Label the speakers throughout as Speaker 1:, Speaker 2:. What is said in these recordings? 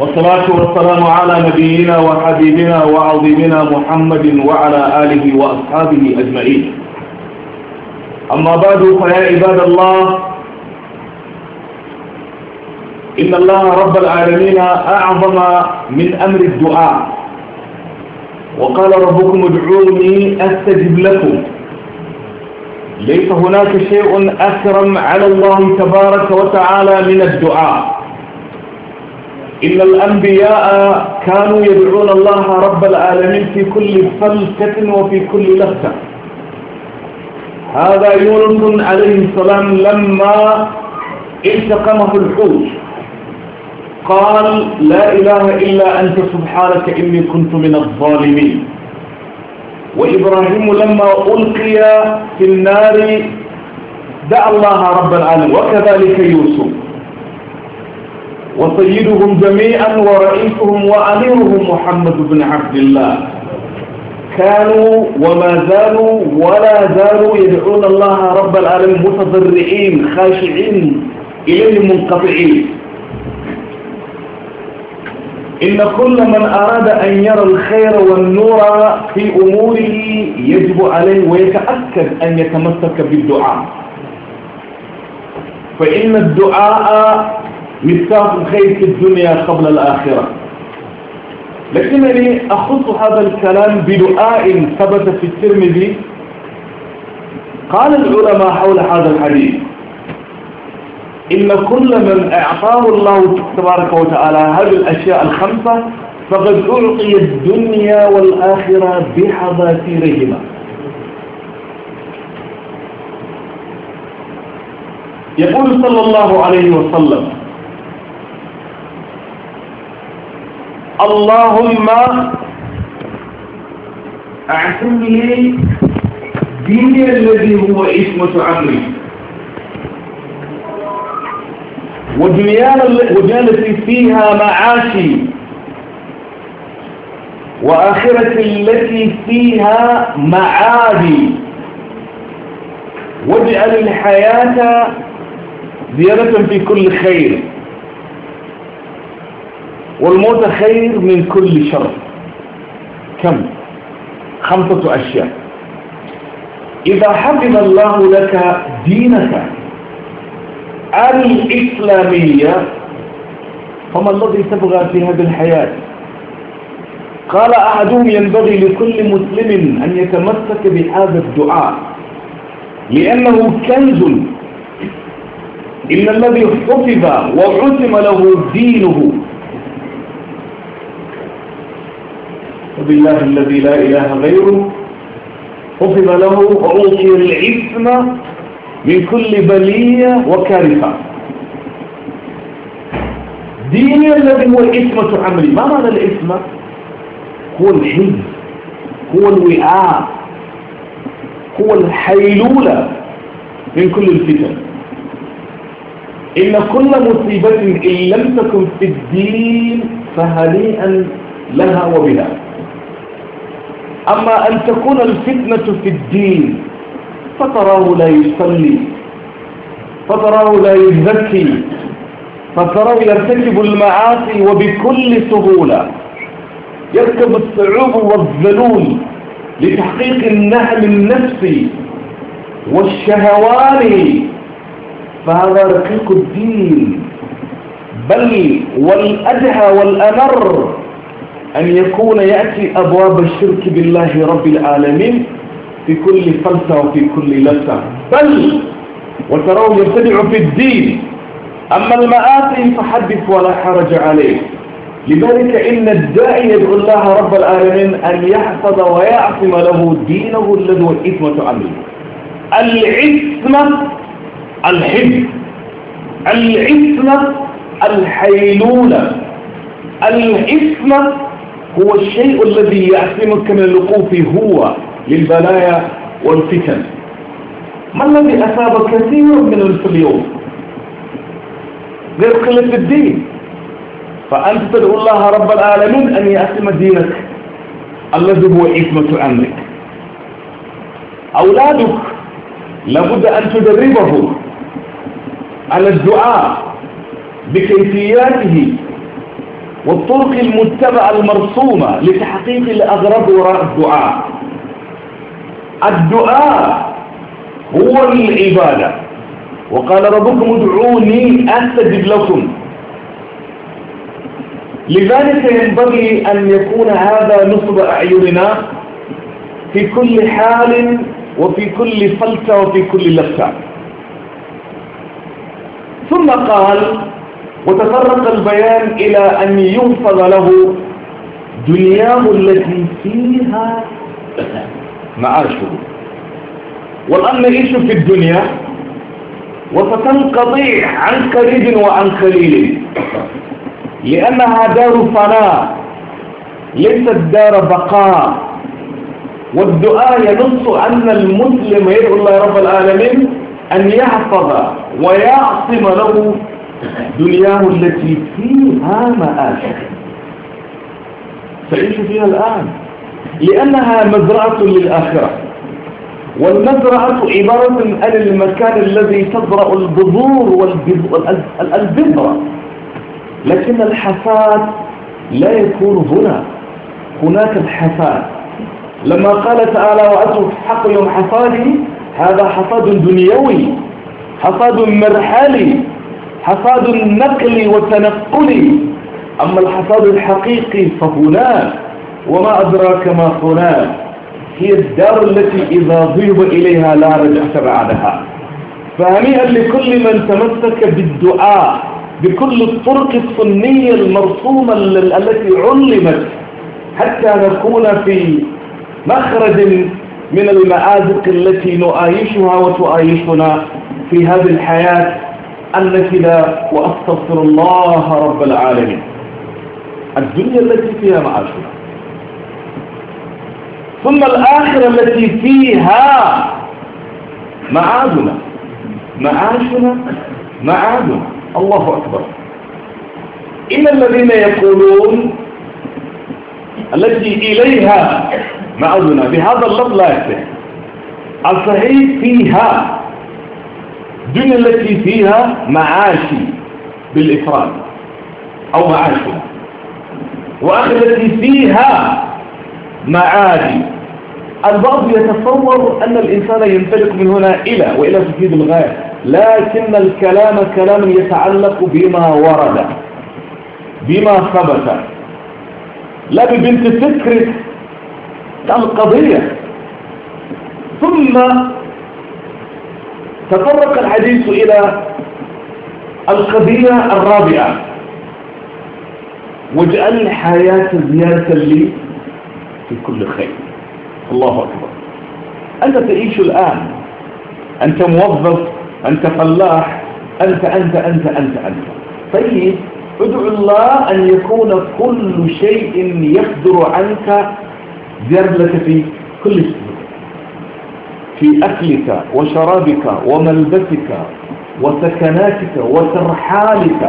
Speaker 1: والصلاة والسلام على نبينا وحبيبنا وعظيمنا محمد وعلى آله وأصحابه أجمعين أما بعد فيا عباد الله إن الله رب العالمين أعظم من أمر الدعاء وقال ربكم ادعوني أستجب لكم ليس هناك شيء أكرم على الله تبارك وتعالى من الدعاء إن الأنبياء كانوا يدعون الله رب العالمين في كل فلسة وفي كل لفتة هذا يونس عليه السلام لما التقمه الحوت قال لا إله إلا أنت سبحانك إني كنت من الظالمين وإبراهيم لما ألقي في النار دعا الله رب العالمين وكذلك يوسف وسيدهم جميعا ورئيسهم وأميرهم محمد بن عبد الله كانوا وما زالوا ولا زالوا يدعون الله رب العالمين متضرعين خاشعين إليه منقطعين إن كل من أراد أن يرى الخير والنور في أموره يجب عليه ويتأكد أن يتمسك بالدعاء فإن الدعاء مفتاح الخير في الدنيا قبل الآخرة لكنني أخص هذا الكلام بدعاء ثبت في الترمذي قال العلماء حول هذا الحديث إن كل من أعطاه الله تبارك وتعالى هذه الأشياء الخمسة فقد أعطي الدنيا والآخرة بحذافيرهما يقول صلى الله عليه وسلم اللهم اعتني ديني الذي هو إثمة عمري وجالتي فيها معاشي وآخرتي التي فيها معادي واجعل الحياة زيادة في كل خير والموت خير من كل شر كم خمسة أشياء إذا حفظ الله لك دينك الإسلامية فما الذي تبغى في هذه الحياة قال أحدهم ينبغي لكل مسلم أن يتمسك بهذا الدعاء لأنه كنز إن الذي حفظ وعزم له دينه بالله الذي لا إله غيره حفظ له وأعطي العثم من كل بلية وكارثة ديني الذي هو الإثمة عملي ما معنى الإثمة؟ هو الحلم هو الوعاء هو الحيلولة من كل الفتن إن كل مصيبة إن لم تكن في الدين فهنيئا لها وبها أما أن تكون الفتنة في الدين فتراه لا يصلي فتراه لا يزكي فتراه يرتكب المعاصي وبكل سهولة يركب الصعوب والذلول لتحقيق النعم النفسي والشهواني فهذا رقيق الدين بل والأدهى والأمر أن يكون يأتي أبواب الشرك بالله رب العالمين في كل فلسة وفي كل لسة بل وترون يرتدع في الدين أما المآتي فحدث ولا حرج عليه لذلك إن الداعي يدعو الله رب العالمين أن يحفظ ويعصم له دينه الذي هو الإثمة عنه العثمة الحب العثمة الحيلولة العثمة هو الشيء الذي يعصمك من الوقوف هو للبلايا والفتن ما الذي أصاب كثير من اليوم غير قلة الدين فأنت تدعو الله رب العالمين أن يعصم دينك الذي هو عصمة أمرك أولادك لابد أن تدربهم على الدعاء بكيفياته والطرق المتبعة المرسومة لتحقيق الأغرب وراء الدعاء الدعاء هو العبادة وقال ربكم ادعوني أستجب لكم لذلك ينبغي أن يكون هذا نصب أعيننا في كل حال وفي كل فلسة وفي كل لفتة ثم قال وتطرق البيان إلى أن ينفض له دنياه التي فيها معاشه والآن نعيش في الدنيا وستنقضي عن قريب وعن قليل لأنها دار فناء ليست دار بقاء والدعاء ينص أن المسلم يدعو الله رب العالمين أن يحفظ ويعصم له دنياه التي فيها مآشك تعيش فيها الآن لأنها مزرعة للآخرة والمزرعة عبارة عن المكان الذي تزرع البذور والبذرة لكن الحفاد لا يكون هنا هناك الحفاد لما قال تعالى وأترك حق يوم حفادي هذا حصاد دنيوي حصاد مرحلي حصاد النقل والتنقل أما الحصاد الحقيقي فهناك وما أدراك ما هناك هي الدار التي إذا ضيب إليها لا رجعة بعدها فهنيئا لكل من تمسك بالدعاء بكل الطرق السنية المرسومة التي علمت حتى نكون في مخرج من المآزق التي نؤايشها وتؤايشنا في هذه الحياة التي لا وأستغفر الله رب العالمين الدنيا التي فيها معاشنا ثم الآخرة التي فيها معادنا معاشنا معادنا الله أكبر إن الذين يقولون التي إليها معادنا بهذا اللفظ لا يكفي الصحيح فيها الدنيا التي فيها معاشي بالإفراد أو معاشي التي فيها معادي البعض يتصور أن الإنسان ينطلق من هنا إلى وإلى تفيد الغاية لكن الكلام كلام يتعلق بما ورد بما ثبت لا ببنت فكرة القضية ثم تطرق الحديث إلى القضية الرابعة واجعل الحياة زيادة لي في كل خير الله أكبر أنت تعيش الآن أنت موظف أنت فلاح أنت أنت أنت أنت أنت طيب ادعو الله أن يكون كل شيء يقدر عنك زيادة في كل في أكلك وشرابك وملبسك وسكناتك وترحالك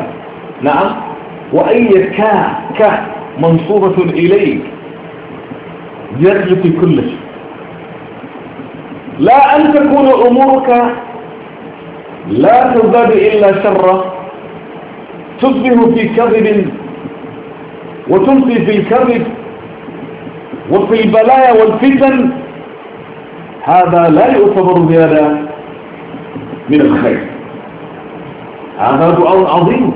Speaker 1: نعم وأي كا كا منصوبة إليك يرجو في كل شيء لا أن تكون أمورك لا تزداد إلا شرا تصبح في كذب وتمسي في الكذب وفي البلايا والفتن هذا لا يعتبر بهذا من الخير هذا دعاء عظيم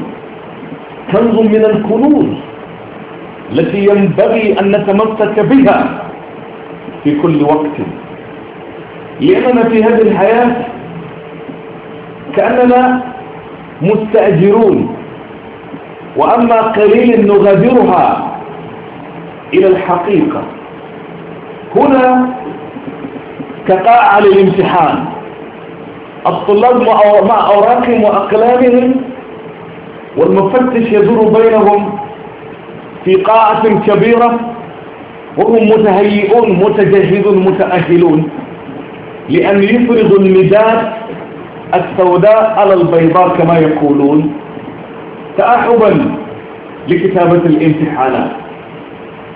Speaker 1: كنز من الكنوز التي ينبغي أن نتمسك بها في كل وقت لأننا في هذه الحياة كأننا مستأجرون وأما قليل نغادرها إلى الحقيقة هنا كقاعة للامتحان الطلاب مع أوراقهم وأقلامهم والمفتش يدور بينهم في قاعة كبيرة وهم متهيئون متجهزون متأهلون لأن يفرضوا المداد السوداء على البيضاء كما يقولون تأحبا لكتابة الامتحانات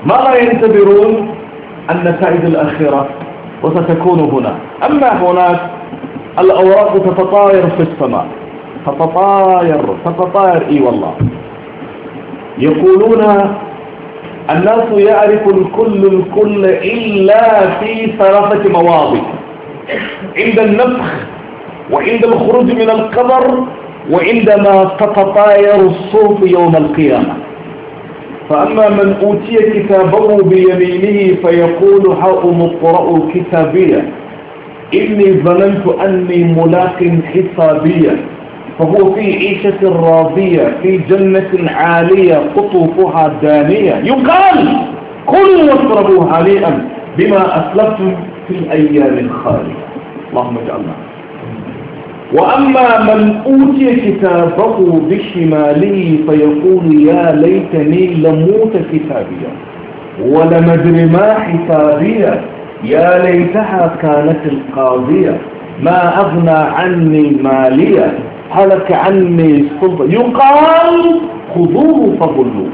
Speaker 1: ما لا ينتظرون النتائج الأخيرة وستكون هنا أما هناك الأوراق تتطاير في السماء تتطاير تتطاير إي والله يقولون الناس يعرف الكل الكل إلا في ثلاثة مواضع عند النفخ وعند الخروج من القبر وعندما تتطاير الصوف يوم القيامة فأما من أوتي كتابه بيمينه فيقول هاؤم اقرأوا كتابية إني ظننت أني ملاق حسابية فهو في عيشة راضية في جنة عالية قطوفها دانية يقال كلوا واشربوا هنيئا بما أسلفتم في الأيام الخالية اللهم اجعلنا وأما من أوتي كتابه بشماله فيقول يا ليتني لموت كتابيا ولم أدر ما حسابيا يا ليتها كانت القاضية ما أغنى عني ماليا هلك عني سلطة يقال خذوه فظلوه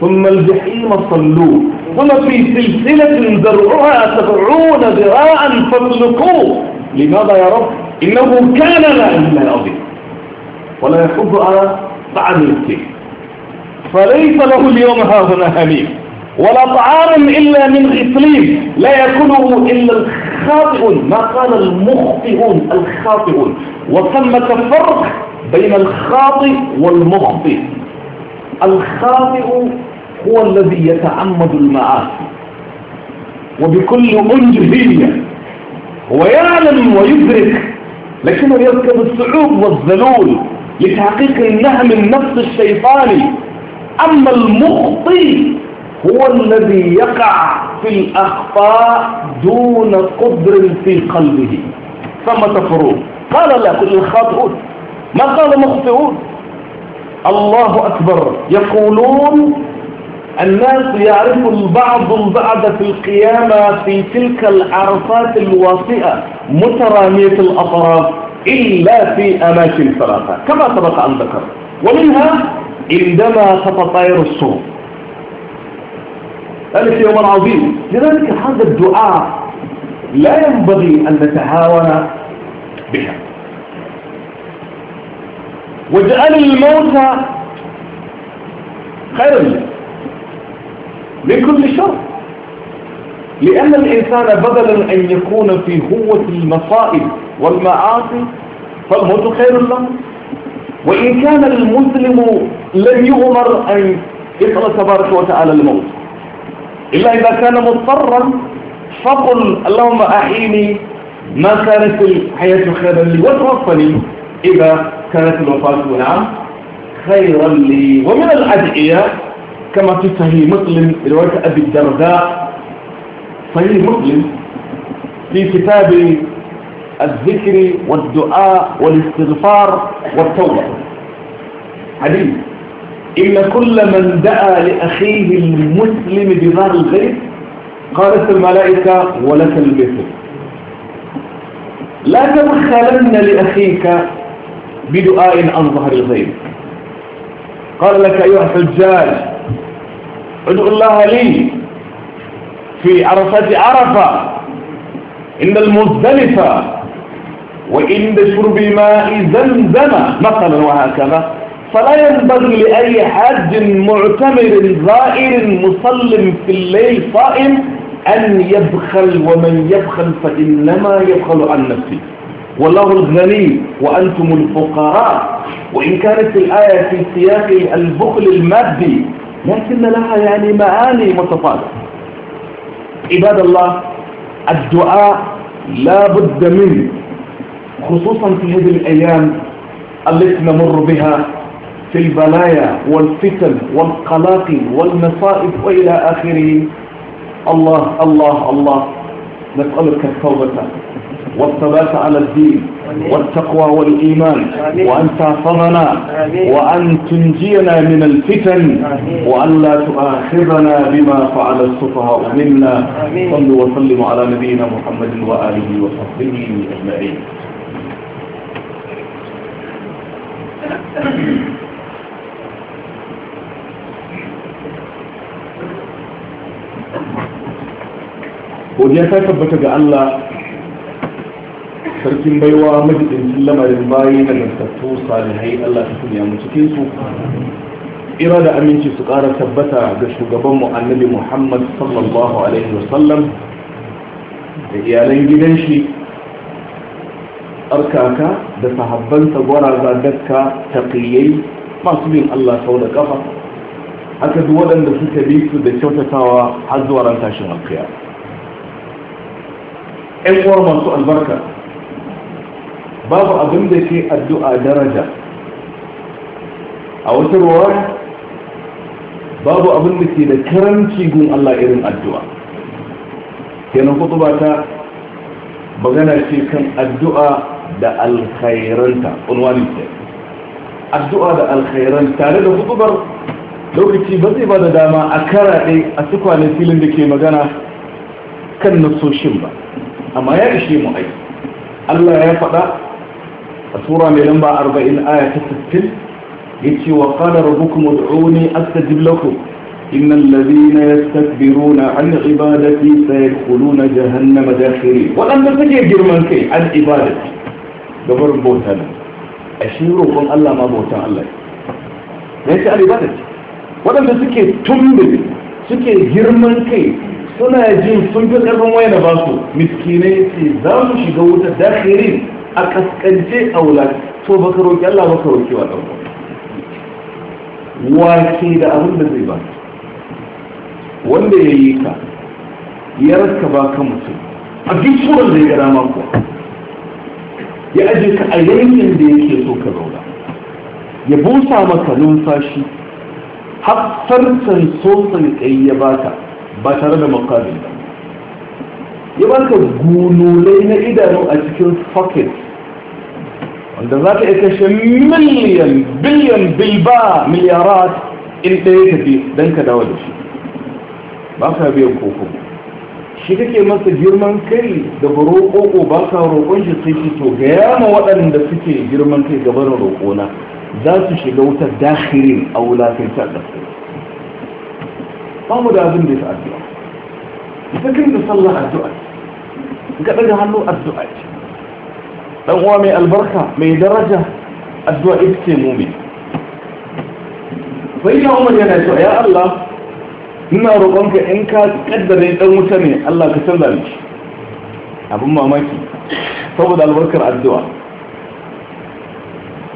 Speaker 1: ثم الجحيم صلوه ثم في سلسلة ذرعها سبعون ذراعا فاطلقوه لماذا يا رب إنه كان لا إله العظيم ولا يحب على طعام المسكين فليس له اليوم هاهنا هميم ولا طعام إلا من غسلين لا يكونه إلا الخاطئون ما قال المخطئون الخاطئون وثمة فرق بين الخاطئ والمخطئ الخاطئ هو الذي يتعمد المعاصي وبكل منجهية ويعلم ويدرك لكنه يركب الصعوب والذلول لتحقيق النهم النفس الشيطاني أما المخطي هو الذي يقع في الأخطاء دون قدر في قلبه فما فروق قال لا كل الخاطئون ما قال مخطئون الله أكبر يقولون الناس يعرف البعض البعض في القيامة في تلك العرفات الواطئة مترامية الأطراف إلا في أماكن ثلاثة كما سبق أن ذكر ومنها عندما تتطاير الصوم ذلك يوم عظيم لذلك هذا الدعاء لا ينبغي أن نتهاون بها واجعل الموت خيرا لك لكل شر لأن الإنسان بدلا أن يكون في هوة المصائب والمعاصي فالموت خير له وإن كان المسلم لم يؤمر أن يقرأ تبارك وتعالى الموت إلا إذا كان مضطرا فقل اللهم أحيني ما كانت الحياة خيرا لي وتوفني إذا كانت الوفاة نعم خيرا لي ومن الأدعية كما في صحيح مسلم رواية أبي الدرداء صحيح مسلم في كتاب الذكر والدعاء والاستغفار والتوبة حديث إن كل من دعا لأخيه المسلم بظهر الغيب قالت الملائكة ولك المثل لا تبخلن لأخيك بدعاء عن ظهر الغيب قال لك أيها الحجاج ادعو الله لي في عرفة عرفة عند المزدلفة وعند شرب ماء زمزم مثلا وهكذا فلا ينبغي لأي حاج معتمر زائر مسلم في الليل صائم أن يبخل ومن يبخل فإنما يبخل عن نفسه والله الغني وأنتم الفقراء وإن كانت الآية في سياق البخل المادي لكن لها يعني معاني متفاضلة عباد الله الدعاء لا بد منه خصوصا في هذه الأيام التي نمر بها في البلايا والفتن والقلاقل والمصائب وإلى آخره الله الله الله نسألك التوبة والثبات على الدين والتقوى والإيمان وأن تعصمنا وأن تنجينا من الفتن وأن لا تؤاخذنا بما فعل السفهاء منا صلوا وسلموا على نبينا محمد وآله وصحبه أجمعين godiya ta tabbata ga Allah sarkin baiwa majidincin lamarin bayi na gantattu salihai Allah ta kunya mu cikin su ira da aminci su kara tabbata ga shugaban mu annabi Muhammad sallallahu alaihi wasallam da iyalan gidan shi arkaka da sahabbansa gwaraza dakka taqiyai masu bin Allah sau da kafa aka duk waɗanda suka bi su da kyautatawa har zuwa ran tashin alkiya ƴan uwar masu albarka babu abin da ke addu'a daraja a wata ruwa babu abin da ke da karanci gun Allah irin addu'a kenan kutu ba ta magana ce kan addu'a da alkhairanta unwani ce addu'a da alkhairan tare da kutubar lokaci ba zai ba da dama a karaɗe a tukwane filin da ke magana kan nasoshin ba amma ya ishe mu aiki Allah ya faɗa a tura mai lamba 40 aya ta 60 yace wa qala rabbukum ud'uni astajib lakum innal ladhina yastakbiruna an ibadati sayadkhuluna jahannama da dakhirin Waɗanda suke girman kai an ibadati gabar bauta ne a shi roƙon Allah ma bautan Allah ne yace an ibadati Waɗanda suke tumbe suke girman kai suna jin sun fi ƙarfin waya da ba su miskinai ce za mu shiga wuta da dakhirin a kaskance a wulan to baka roƙi Allah baka roƙi wa ɗan wake da abin da zai ba wanda ya yi ka ya raska ba ka mutum a duk tsoron da ya gara mako ya aje ka a yankin da yake so ka zauna ya busa maka numfashi har farcen sosan kai ya ba ka, ba tare da makarin ba ka baka gululai na idanu a cikin socket wanda za ta iya kashe miliyan biliyan bilba miliyarat in ɗaya tafi don ka dawo da shi ba ka biyan koko shi kake masa girman kai da baro koko ba ka roƙon shi sai shi to ga yama waɗanda suke girman kai gabanin roƙona za su shiga wutar dakirin a wulafinta da su ba mu da abin da ya fi addu'a ita kan da sallah addu'a ga ɗaga hannu addu'a ce dan uwa mai albarka mai daraja addu'a ita mai. sai ya umar yana cewa ya Allah ina roƙonka in ka kaddare dan wuta ne Allah ka canza ni abin mamaki saboda albarkar addu'a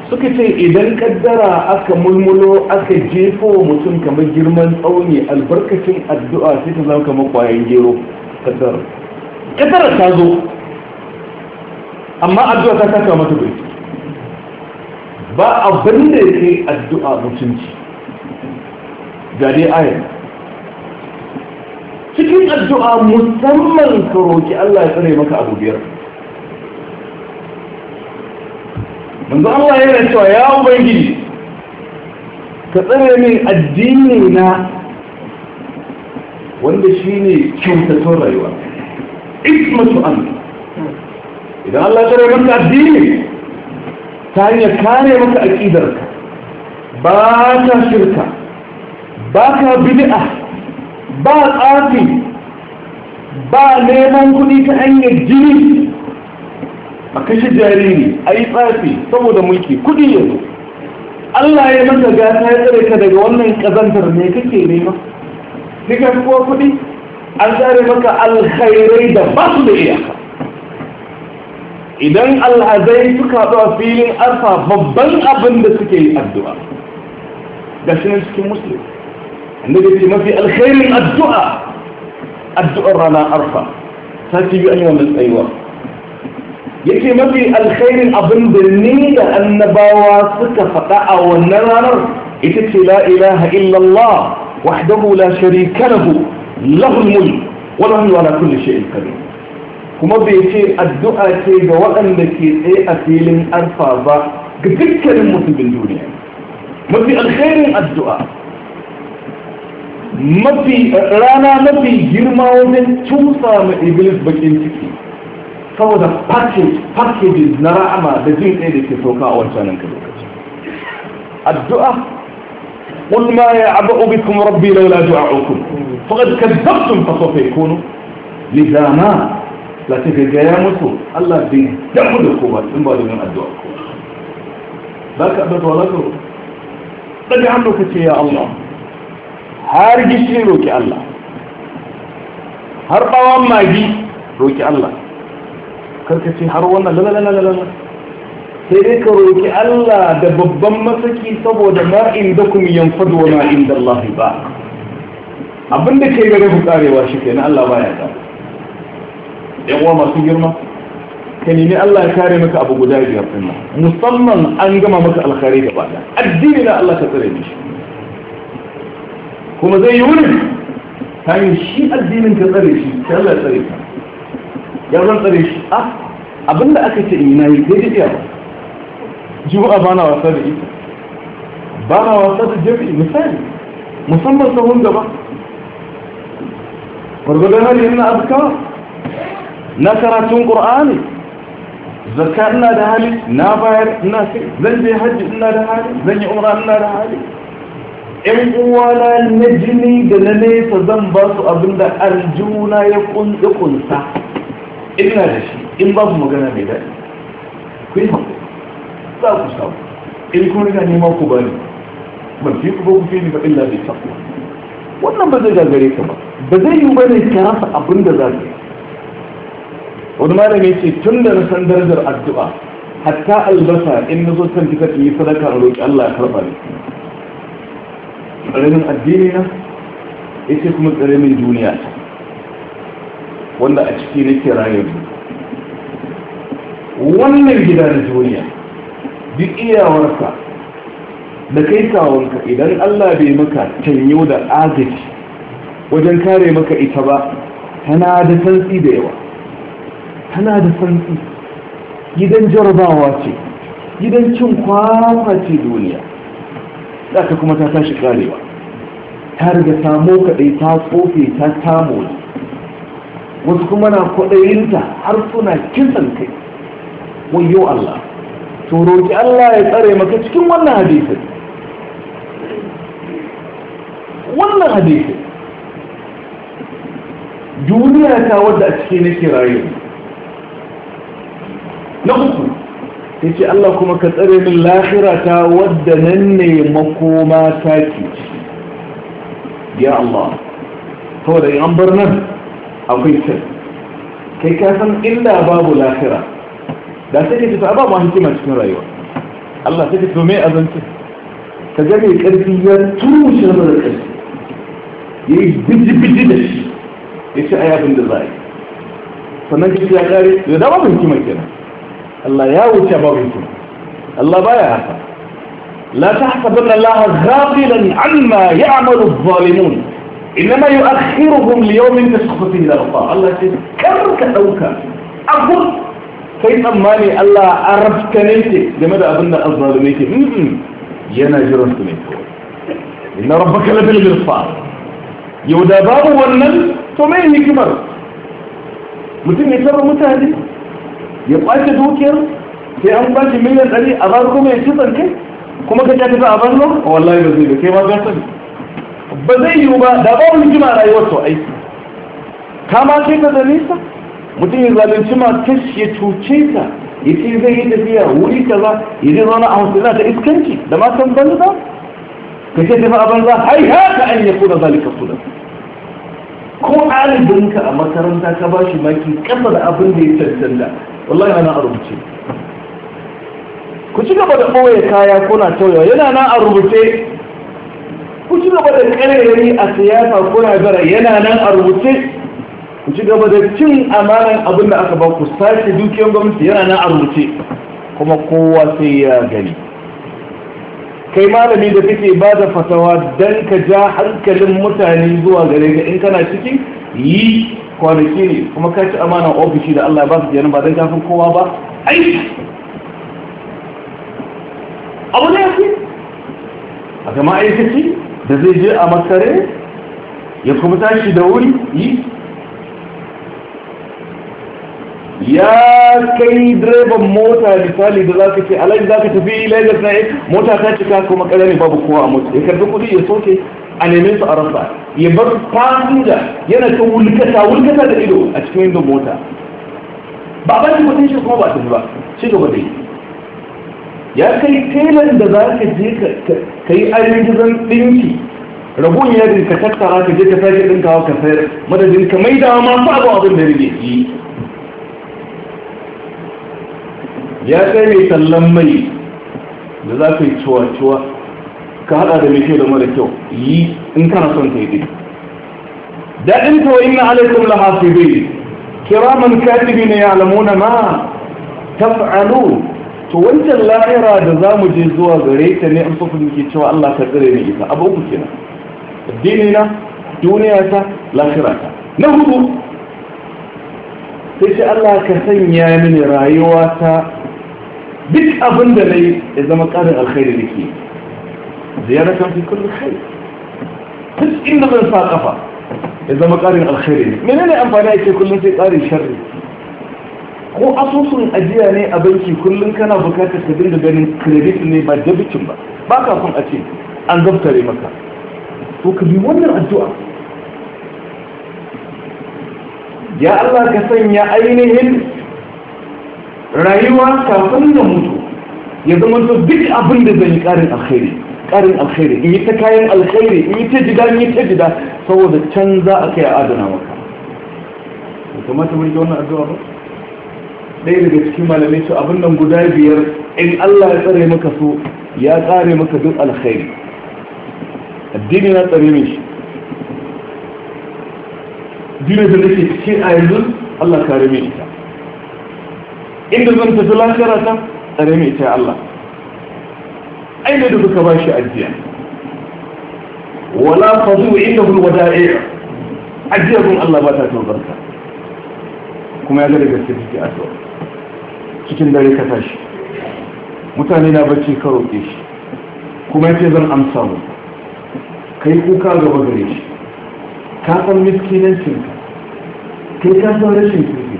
Speaker 1: suka ce idan kaddara aka mulmulo aka jefo mutum kamar girman tsauni albarkacin addu'a sai ta zama kamar kwayan gero kaddara kaddara ta zo amma addu'a ta kaka mata bai ba abin da yake addu'a mutunci ga dai cikin addu'a musamman ka roƙi Allah ya tsare maka abu biyar manzo Allah yana cewa ya ubangiji ka tsare min addini na wanda shine kyautaton rayuwa ismatu idan Allah ta rai maka addini ta hanyar kare maka aƙidarka ba ta shirka ba ka bid'a ba tsafi ba neman kuɗi ta hanyar jini a kashe jariri a yi tsafi saboda mulki kuɗi ya zo Allah ya maka gata ya tsare ka daga wannan ƙazantar ne kake nema sai kuwa kuɗi an tsare maka alkhairai da ba su da iyaka idan alhazai suka haɗu a filin arfa babban abin da suke yi addu'a da shi ne cikin musulun annabi ce mafi alkhairin addu'a addu'ar rana arfa ta ce yi an yi wannan tsayuwa yake mafi alkhairin abin da ni da annabawa suka faɗa a wannan ranar ita ce la ilaha illallah wahdahu la sharika lahu lahul mulk wa lahu ala kulli shay'in qadir kuma bai ce addu'a ce ga waɗanda ke tsaye a filin arfa ba ga dukkanin musulmin duniya mafi alkhairin addu'a mafi rana mafi girma wajen cusa ma iblis bakin ciki saboda package packages na ra'ama da jin ɗaya da ke sauka a wancan nan lokaci addu'a قل ما يعبأ بكم ربي لولا دعاؤكم فقد كذبتم فسوف يكون لذا ما za ta gaga ya mutu Allah bai damu da kowa in ba domin addu'a ko ba ka abin tawala ko daga hannu ka ce ya Allah har gishiri roki Allah har bawan magi roki Allah karka ce har wannan lalalalala sai dai ka roki Allah da babban masaki saboda ma'in da kuma yanfadu wa ma'in da Allah ba abinda ke gare ku karewa shi ke na Allah baya ya yan uwa masu girma ka nemi Allah ya kare maka abu guda biyar din nan musamman an gama maka alkhari da da addini na Allah ka tsare ni kuma zai yi wurin yi shi addinin ka tsare shi sai Allah ya tsare ka ya zan tsare shi ah abinda aka ce ina yi dai dai ba juma'a ba na wasa da ita ba na wasa da jami'i misali musamman sahun gaba gwargwadon hali yana abu kawai na karatun ƙur'ani zakka ina da hali na bayar ina zan je hajji ina da hali zan yi umra ina da hali in uwana na jini da na nesa zan ba su abin da aljuna ya kunsa ina da shi in ba su magana mai daɗi ku yi za ku samu in kun riga nema ku ba ni ban fi ku ba ku fi ni ba illa bai taɓa wannan ba zai gagare ka ba ba zai yi ba ne ka rasa abin da za ka yi wani malami ya ce tun da na san darajar addu'a hatta albasa in na zo kan kika yi sadaka a roƙi Allah ya karɓa ni ƙaramin addini na ya ce kuma ƙaramin duniya ta wanda a ciki nake rayar wannan gida na duniya duk iyawarka da kai kawanka idan Allah bai maka canyo da agaji wajen kare maka ita ba tana da santsi da yawa tana da santsi gidan jarabawa ce gidan cin kwakwa ce duniya za ka kuma ta tashi karewa ta riga samo kaɗai ta tsofe ta tamo wasu kuma na kwaɗayinta har suna kisan kai wayo Allah to roƙi Allah ya tsare maka cikin wannan hadisi wannan hadisi duniya ta wadda a cikin nake rayuwa na uku ya ce Allah kuma ka tsare min ta wadda nan ne makoma ta ke ya Allah saboda da an bar nan akwai can kai ka san illa babu lahira da sai ke ce ba mu hikima cikin rayuwa Allah sai ka ce me azanci ka ga mai karfi ya tushe da karfi yayi biji biji da shi yace ai abin da zai sannan kace ya kare da dama hikima kenan الله ياوت يا بابيتي الله بايا لا تحسبن الله غافلا عما يعمل الظالمون انما يؤخرهم ليوم تسخط فيه الابصار الله يقول كر كتوكا اقول كيف مالي الله عرفت نيتي لماذا اظن الظالميتي ينا جرنت نيتي ان ربك لبن لبالغصار يودا باب ونن تومين كبر متين يتر متهدي ya kwace dukiyar sai an kwace miliyan ɗari a ba kuma ya ci tsarki kuma ka tafi a bar nan wallahi ba zai ba kai ma ka sani ba zai yiwu ba da ba wani a rayuwar to aiki ka ma sai ka da nisa mutum ya zalunci ma kashi ya cuce ta ya ce zai yi tafiya wuri kaza ya zai zauna a hankali ta iskanci da matan banza ka ce tafi a banza hai haka an ya kuna zalika kuna ko ɗalibinka a makaranta ka ba shi maki kasa da abin da ya cancanta wallahi na rubuce ku ci da ɓoye kaya kuna tauyawa yana na a rubuce ku ci gaba da ƙarerari a siyasa kuna gara yana nan a rubuce ku ci da cin amanan abin da aka ba ku sace dukiyar gwamnati yana nan a rubuce kuma kowa sai ya gani kai malami da kake ba da fatawa don ka ja hankalin mutane zuwa gare ka in kana ciki yi kwanaki ne kuma ka ci amanan ofishi da Allah ba su jiyanin ba zai kafin kowa ba ai abu ne yake a gama aikaci da zai je a makare ya kuma tashi da wuri yi ya kai direban mota misali da za ka ce alaji za ka tafi lagos na mota ta cika kuma karami babu kowa a mota ya karbi kudi ya soke a neman su a ransa ya bar fasinja yana ta wulkata wulkata da ido a cikin windon mota ba ba shi kudin shi kuma ba tafi ba shi gaba da ya kai telan da za ka je ka yi ainihin ɗinki rabon yi ka tattara ka je ka sake ɗinkawa ka sayar madadin ka mai dawa masu abu abin da rage yi ya kai mai tallan mai da za ka yi ciwa cuwa. ka hada da mai kyau da mara kyau yi in kana son ta yi dai daɗin to inna alaikum la hasibi kiraman katibina ya'lamuna ma taf'alu to wancan lahira da zamu je zuwa gare ta ne an sofin ke cewa Allah ta tsare ni ita abu uku kenan addini na duniya ta lahira ta na hudu sai shi Allah ka sanya mini rayuwa ta duk abin da nayi ya zama ƙarin alkhairi nake زيادة في كل sa تسئل ya zama إذا ما قارن الخير من أنا أنفعني أتي كل شيء قارن شر ko asusun ajiya ne a banki kullum kana bukatar ka dinga ganin credit ne ba debitin ba ba ka a ce an gaftare maka to ka wannan addu'a ya Allah ka sanya ainihin rayuwa kafin da mutu ya zama to duk abinda da yi ƙarin alkhairi karin alkhairi yi ta kayan alkhairi yi ta jida yi ta jida saboda can za a kai a adana maka da kamata mai wannan addu'a ba ɗaya daga cikin malamai su abin nan guda biyar in Allah ya tsare maka su ya tsare maka duk alkhairi addini na tsare min shi dina da nake cikin a yanzu Allah kare min ita inda zan tafi lafiyar ta tsare min ita Allah aina da suka ba shi ajiya wala fazu inda hul iya. ajiyar kun Allah ba ta tozarta kuma ya ga daga cikin ciki addu'a cikin dare ka tashi mutane na bacci ka roƙe shi kuma ya ce zan amsa mu kai kuka gaba gare shi ka san miskinancin ka kai ka san rashin kirki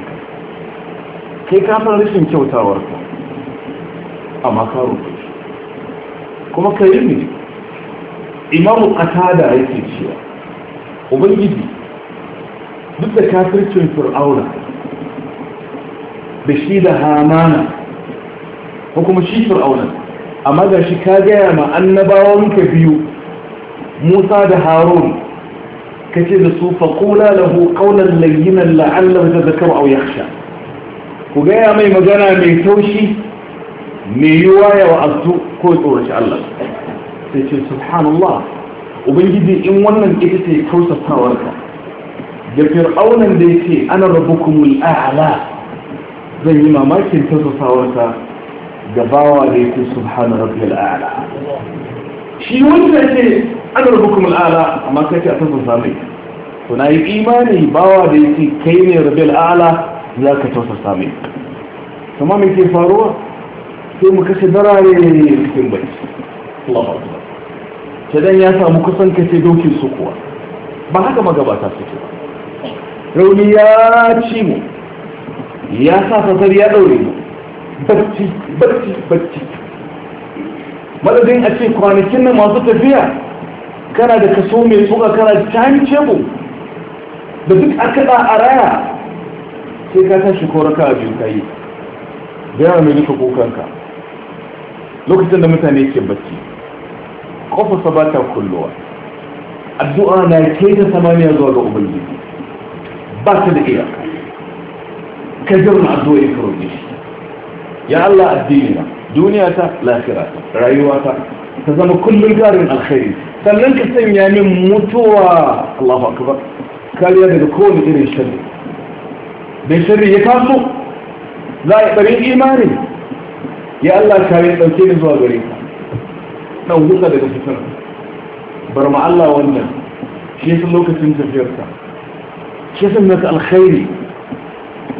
Speaker 1: kai ka san rashin kyautawar amma ka roƙe kuma kai yi ne imamu qatada yake cewa ubangiji duk da kafircin fir'auna da shi da hamana ko kuma shi fir'auna amma ga shi ka gaya ma annabawanka biyu musa da harun ka ce da su faƙula lahu ƙaunar layyinan la'allar da zaka wa ku gaya mai magana mai taushi mai yiwa yawa azu ko tsoraci Allah sai ce subhanallah ubangiji in wannan ita ce kausatawarka da fir'aunan da yake ana rabbukumul a'la zan yi mamakin kausatawarka ga bawa da yake subhana rabbiyal a'la shi wanda ce ana rabbukumul a'la amma kai a tausasa mai to na yi imani bawa da yake kai ne rabbiyal a'la za ka tausasa mai kuma me ke faruwa sai mu kashe darare cikin bai shaɗan ya samu kusan kashe dokin su kuwa ba haka magabata suke ba rauni ya ci mu ya sa fasar ya ɗaure mu bacci bacci bacci madadin a ce kwanakin na masu tafiya kana da kaso mai tsoka kana da time table da duk akaɗa a raya sai ka tashi koraka a biyu kayi da yawa mai duka kukanka lokacin da mutane ke bacci kofarsa ba ta kullowa addu'a na kai ta samaniya zuwa ga ubangiji ba ta da iya ka jirna addu'a ya karo shi ya Allah addini na duniya ta lafira ta rayuwa ta ta zama kullum garin alkhairi sannan ka sanya min mutuwa Allahu akbar kariya daga kowane irin sharri da sharri ya kasu za a yi tsarin imani ya Allah kare dauke ni zuwa gare ka na wuta daga fitar bar ma Allah wannan shi yasa lokacin tafiyarsa shi yasa naka alkhairi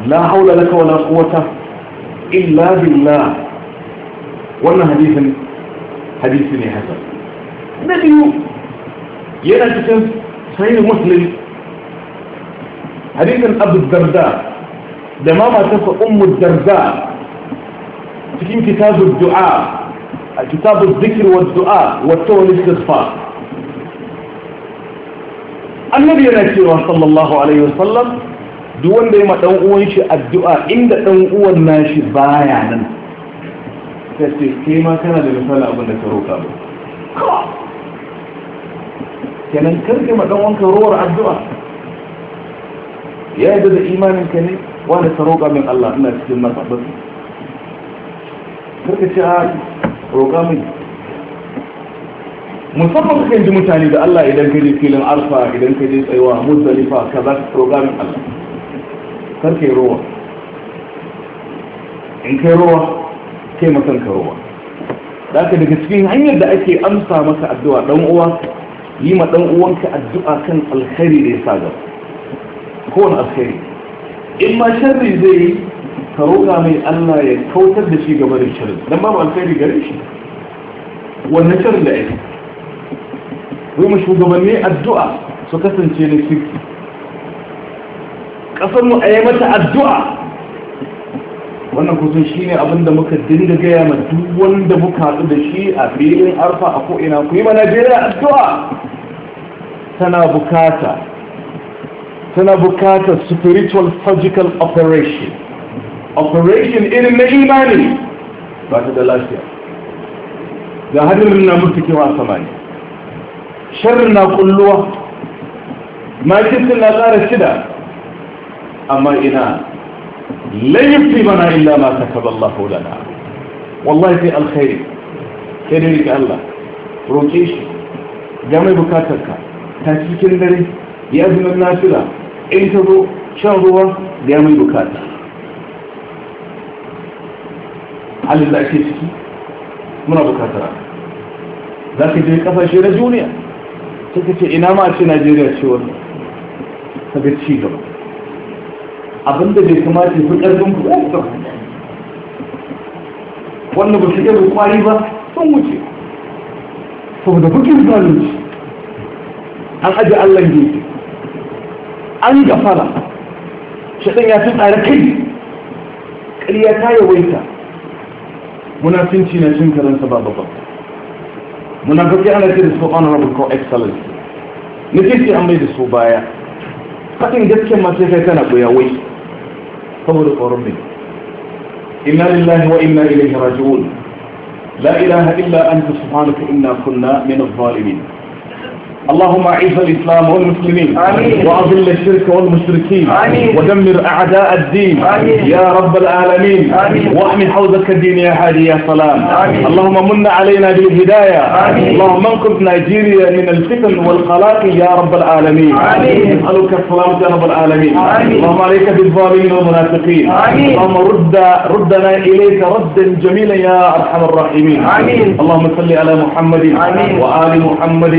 Speaker 1: la haula laka wala quwwata illa billah wannan hadisin hadisi ne hasan na biyu yana cikin sahih muslim hadisin abu darda da mama ta fa ummu darda المنافقين كتاب الدعاء كتاب الذكر والدعاء والتوبة والاستغفار النبي رسول صلى الله عليه وسلم دوان دائما تنقوان شيء الدعاء عند تنقوان ناشي بايعا كما كان لمثال أبو أنك روكا كان الكرك ما تنقوان كرور الدعاء يا إذا إيمان كان وانا تروكا من الله karka ce a ah, roƙa mai musamman ka yanzu mutane da Allah idan ka je filin alfa idan ka je tsayuwa muzdalifa ka za ka roƙa min Allah karka yi rowa in kai rowa kai makan ka rowa da ka daga cikin hanyar da ake amsa maka addu'a dan uwa yi ma dan uwanka addu'a kan alkhairi da ya sa gaba kowane alkhairi in ma sharri zai yi ka roƙa mai Allah ya kautar da shi gaba da shirin ba babu alkhairi gare shi wannan shirin da ake yi shugabanni addu'a su kasance da shi ƙasar mu a yi mata addu'a wannan kusan shine abin da muka dinga gaya ma duk wanda muka haɗu da shi a filin arfa a ko'ina ku yi ma Najeriya addu'a tana bukata tana bukatar spiritual surgical operation operation irin na imani ba ta da lafiya ga hadirin na murtukewa sama ne sharrin na kulluwa makisin na tsara shida amma ina laifi mana illa ma ta kaba Allah hulana wallahi sai alkhairi sai da rike Allah roƙe shi ga mai bukatarka ta cikin dare ya zama nasira in ta zo shan ruwa ga mai bukata halin ake ciki muna bukatar za ka je kasashe na duniya suka ce ina ma ce najeriya ce wannan ta ga ci gaba abinda bai kamata ya fi ƙarfin ku ɗan wannan ba su yi kwari ba sun wuce saboda bukin zalunci an aji allah gefe an gafara shaɗin ya fi tsare kai ƙarya ta yawaita munafinci na cin karin karansa ba Muna munafiki ana ce da su honorable ko excellence na ce an bai da su baya faɗin gaske masu kai kana goya wai saboda tsoron mai inna lillahi wa inna ilaihi raji'un la ilaha illa anta subhanaka inna kunna min adh-dhalimin اللهم اعز الإسلام والمسلمين وأذل الشرك والمشركين آمين. ودمر أعداء الدين آمين. يا رب العالمين واحمي حوزك الدين يا هادي يا سلام آمين. اللهم من علينا بالهداية اللهم انقذ نيجيريا من الفتن والقلاق يا رب العالمين نسألك السلامة يا رب العالمين اللهم عليك بالظالمين والمنافقين اللهم رد ردنا إليك ردا جميلا يا أرحم الراحمين اللهم صل على محمد وآل محمد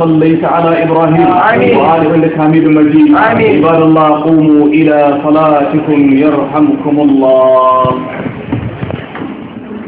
Speaker 1: صليت على إبراهيم وعلى إنك حميد مجيد عباد الله قوموا إلى صلاتكم يرحمكم الله